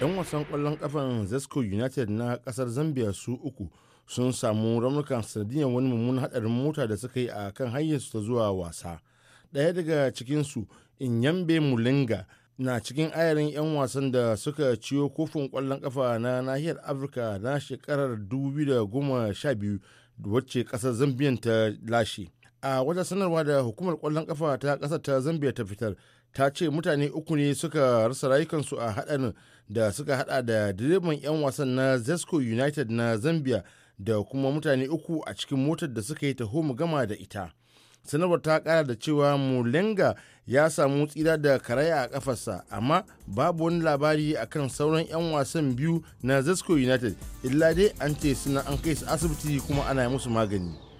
'yan wasan kwallon kafan zesco united na kasar zambia su uku sun samu raunukan sanadiyar wani mummun hadarin mota da suka yi a kan hanyarsu ta zuwa wasa ɗaya daga cikinsu inyambe mulinga na cikin ayarin 'yan wasan da suka ciyo kofin kwallon kafa na nahiyar afirka na shekarar 2012 wacce kasar zambiyan ta lashe a wata sanarwa da hukumar kwallon kafa ta kasar ta zambia ta fitar ta ce mutane uku ne suka rasa rayukansu a haɗarin da suka hada da direban 'yan wasan na zesco united na zambia da kuma mutane uku a cikin motar da suka yi taho mu gama da ita sanarwar ta kara da cewa mulenga ya samu tsira da karaya a kafarsa amma babu wani labari akan sauran 'yan wasan biyu na zesco united illa dai an ce suna an kai su asibiti kuma ana musu magani